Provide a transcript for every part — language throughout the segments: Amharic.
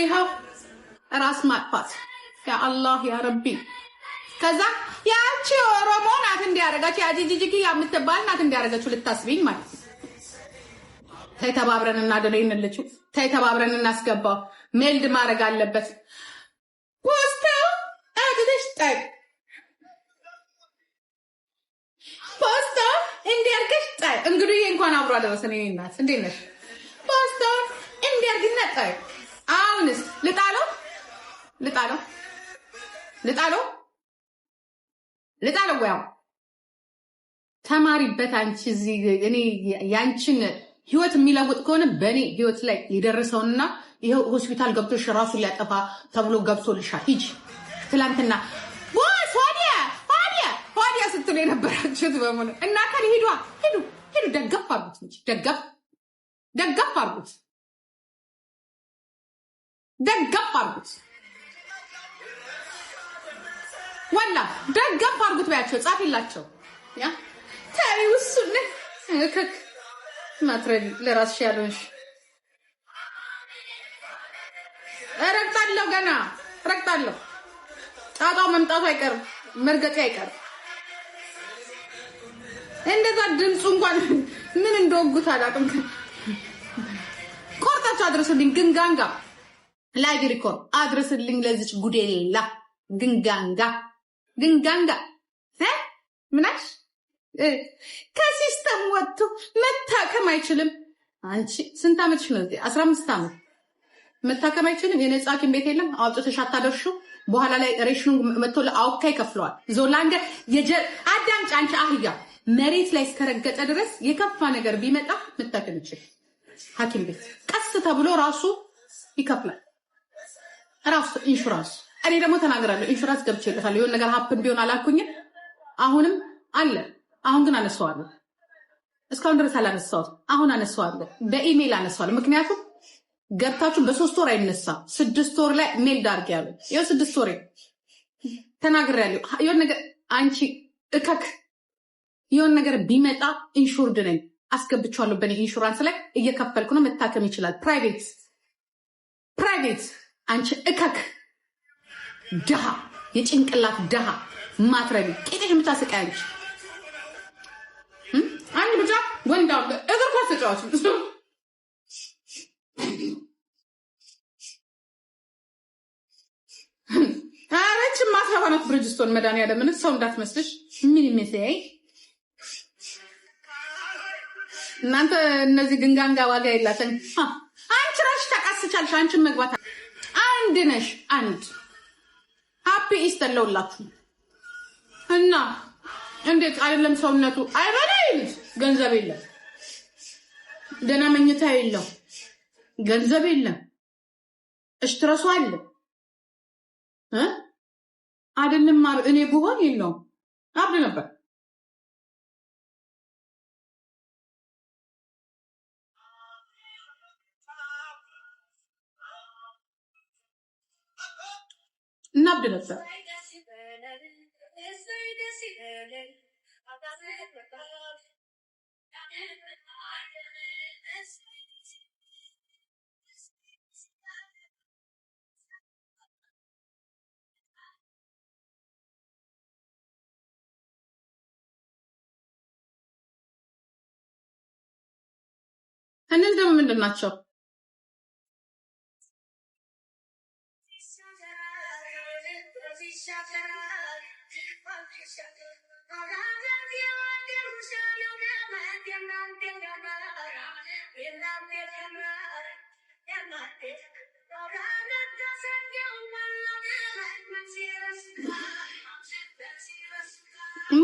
ይኸው ራስ ማጥፋት ያአላህ ያረቢ። ከዛ ያቺ ኦሮሞ ናት እንዲያደረጋችሁ ያጂጂጂኪ የምትባል ናት እንዲያደረገችው ልታስቢኝ ማለት ተይ ተባብረን እናደለ ይንልች ተይ ተባብረን እናስገባው ሜልድ ማድረግ አለበት። ፖስታው አትተሽ ጣይ ፖስታው እንዲያርገሽ ጣይ። እንግዲህ እንኳን አብሮ አደረሰን። እናት እንዴት ነሽ? ፖስታው እንዲያርግና ጣይ አሁንስ ልጣለው ልጣለው ልጣለው ልጣለው ወይ ተማሪበት አንቺ እዚህ እኔ ያንቺን ህይወት የሚለውጥ ከሆነ በእኔ ህይወት ላይ የደረሰውንና ይሄ ሆስፒታል ገብቶሽ ራሱን ሊያጠፋ ተብሎ ገብቶልሻል። ሂጅ ትላንትና ሆዲያ የነበራችሁት በሙሉ እና ከን ሂዷ ሂዱ ሂዱ ደገፍ አርጉት እንጂ ደገፍ ደገፍ አርጉት። ደገፍ አርጉት፣ ወላ ደገፍ አርጉት በያቸው፣ ጻፊላቸው። ያ ታሪ ውሱነ እከክ ለራስሽ ያለሽ ረግጣለሁ፣ ገና ረግጣለሁ። ጣጣው መምጣቱ አይቀርም፣ መርገጤ አይቀርም። እንደዛ ድምፁ እንኳን ምን እንደወጉት አላውቅም። ቆርጣቸው አድርሱልኝ ግን ለአይቪሪኮን አድርስልኝ ለዚች ጉዴላ ግንጋንጋ ግንጋንጋ ምናሽ ከሲስተም ወጥቶ መታከም አይችልም። አንቺ ስንት ዓመትሽ ነው? አስራ አምስት ዓመት መታከም አይችልም። የነጻ ሐኪም ቤት የለም። አውጥተሽ አታደርሹ። በኋላ ላይ ሬሽኑ መጥቶ አውካ ይከፍለዋል። ዞላንገ አዳምጪ አንቺ አህያ መሬት ላይ እስከረገጠ ድረስ የከፋ ነገር ቢመጣ መታከም ይችል ሐኪም ቤት ቀስ ተብሎ ራሱ ይከፍላል። ራሱ ኢንሹራንስ እኔ ደግሞ ተናግራለሁ። ኢንሹራንስ ገብቼለታለሁ። የሆነ ነገር ሀፕን ቢሆን አላልኩኝ። አሁንም አለ። አሁን ግን አነሳዋለሁ። እስካሁን ድረስ አላነሳሁት። አሁን አነሳዋለሁ። በኢሜይል አነሳዋለሁ። ምክንያቱም ገብታችሁ በሶስት ወር አይነሳ ስድስት ወር ላይ ሜል ዳርግ ያሉ ይኸው ስድስት ወር ተናግሬያለሁ። የሆነ ነገር አንቺ እከክ የሆነ ነገር ቢመጣ ኢንሹርድ ነኝ አስገብቼዋለሁ። በእኔ ኢንሹራንስ ላይ እየከፈልኩ ነው። መታከም ይችላል። ፕራይቬት ፕራይቬት አንቺ እከክ ድሃ፣ የጭንቅላት ድሃ፣ ማትረቢ ቄጤሽ የምታስቀይ አንቺ አንድ ብቻ ወንዳ እግር ኳስ ተጫዋች ረጅም አስራ አመት መዳን ያለምን ሰው እንዳትመስልሽ። ምን የሚያሳይ እናንተ እነዚህ ግንጋንጋ ዋጋ የላትን አንቺ ራሽ ተቃስቻልሽ። አንቺን መግባት አንድ ነሽ። አንድ ሀፒ ኢስተር ለውላችሁ እና እንዴት አይደለም ሰውነቱ አይበላ ገንዘብ የለም፣ ደህና መኝታ የለው፣ ገንዘብ የለም፣ እሽትረሱ አለ አይደለም። እኔ ብሆን የለውም አብድ ነበር እናብድ ነበር። ከእነዚህ ደግሞ ምንድን ናቸው?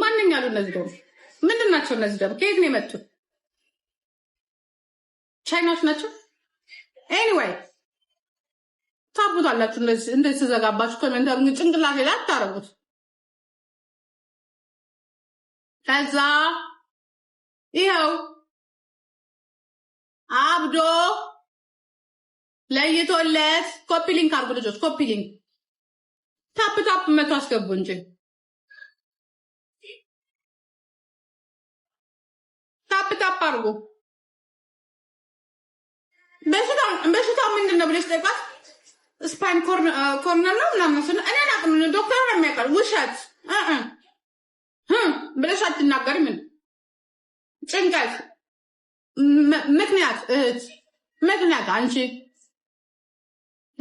ማንኛ ያሉ እነዚህ ደግሞ ምንድን ናቸው? እነዚህ ደግሞ ከየት ነው የመጡት? ቻይናዎች ናቸው። ኤኒዌይ ታቡታላችሁ እንደዚህ ተዘጋባችሁ ኮሜንተር ግን ጭንቅላቴ ላይ አታረጉት። ከዛ ይኸው አብዶ ለይቶለት ኮፒ ሊንክ አርጉ ልጆች፣ ኮፒ ሊንክ ታፕ ታፕ መቶ አስገቡ እንጂ ታፕ ታፕ አርጉ። በሽታ ምንድን ነው ብለሽ ጠይቋት። ስፓይን ኮርነር ነው ምናምን ስለ እኔ ናቅም ዶክተር ነው የሚያውቃል። ውሸት ብለሽ አትናገሪ። ምን ጭንቀት ምክንያት እህት ምክንያት አንቺ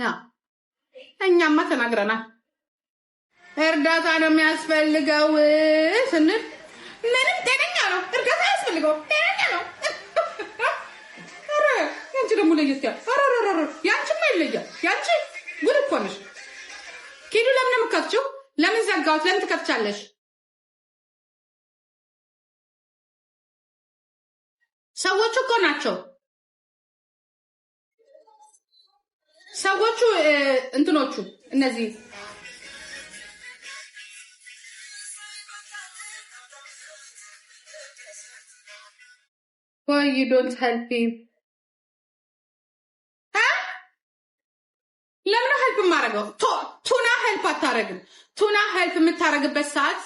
ያ እኛማ ተናግረናል። እርዳታ ነው የሚያስፈልገው ስንል ምንም ጤነኛ ነው፣ እርዳታ ያስፈልገው ጤነኛ ነው። አንቺ ደግሞ ለየት ታጫለሽ። ሰዎቹ እኮ ናቸው ሰዎቹ እንትኖቹ እነዚህ ወይ ዩ ዶንት ሄልፕ ለምን ሄልፕ የማደርገው ቱና ሄልፕ አታደርግም። ቱና ሄልፕ የምታደርግበት ሰዓት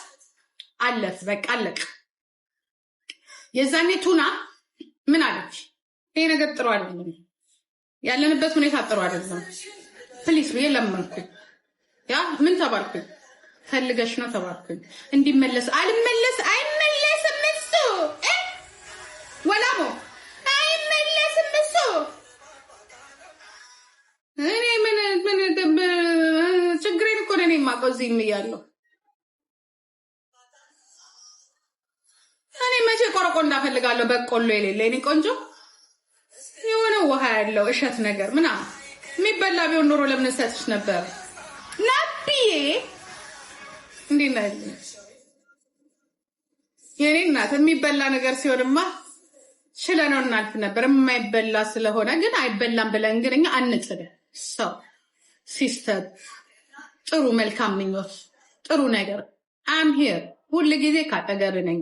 አለፍ በቃ አለቅ። የዛኔ ቱና ምን አለች? ይሄ ነገር ጥሩ አይደለም፣ ያለንበት ሁኔታ ጥሩ አይደለም፣ ፕሊስ ብዬ ለመንኩ። ያ ምን ተባልኩኝ? ፈልገሽ ነው ተባልኩኝ። እንዲመለስ አልመለስ አይ የማውቀው እዚህም እኔ መቼ ቆረቆ እንዳፈልጋለሁ በቆሎ የሌለ የኔ ቆንጆ የሆነ ውሃ ያለው እሸት ነገር ምናምን የሚበላ ቢሆን ኖሮ ለምን ሰጥሽ ነበር? ናብዬ እንዴት ነህ የኔ እናት? የሚበላ ነገር ሲሆንማ ችለነው እናልፍ ነበር። የማይበላ ስለሆነ ግን አይበላም ብለን ግን እኛ አንጥደ ሰው ሲስተር ጥሩ መልካም ምኞት፣ ጥሩ ነገር አም ሄር ሁል ጊዜ ካጠገር ነኝ።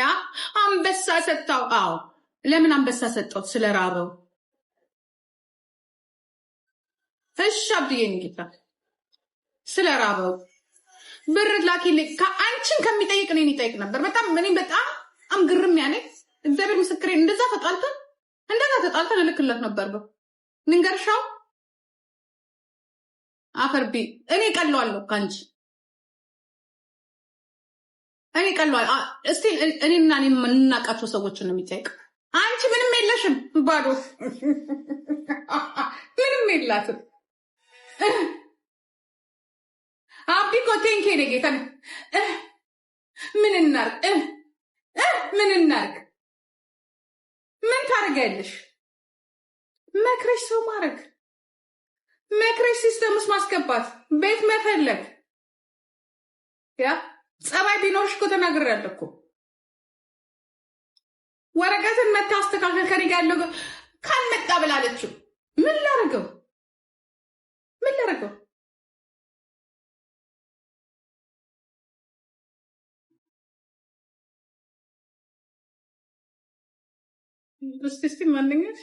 ያ አንበሳ ሰጣው። አዎ ለምን አንበሳ ሰጠው? ስለራበው። እሺ አብድዬን ጌታ ስለራበው ብር ላኪ። ከአንቺን ከሚጠይቅ እኔን ይጠይቅ ነበር። በጣም እኔ በጣም አምግርም ያኔ እግዚአብሔር ምስክሬን እንደዛ ተጣልተን እንደዛ ተጣልተን እልክለት ነበር። ንንገርሻው አፈርቢ እኔ ቀለዋለሁ ከአንቺ እኔ ቀለዋለሁ። እስቲ እኔና እኔ የምናውቃቸው ሰዎችን ነው የሚጠይቅ። አንቺ ምንም የለሽም፣ ባዶ ምንም የላትም። አቢ እኮ ቴንኬ ነው ጌታ። ምን እናርግ? ምን እናርግ? ምን ታደርጊያለሽ? መክረሽ ሰው ማድረግ መክረሽ ሲስተምስ ማስገባት ቤት መፈለግ ያ ጸባይ ቢኖርሽ እኮ ተናግሬያለሁ እኮ ወረቀትን መታ አስተካከል ከኔ ጋር ያለው ካልመጣ ብላለችው። ምን ላረገው? ምን ላረገው? እስቲ እስቲ ማንኛች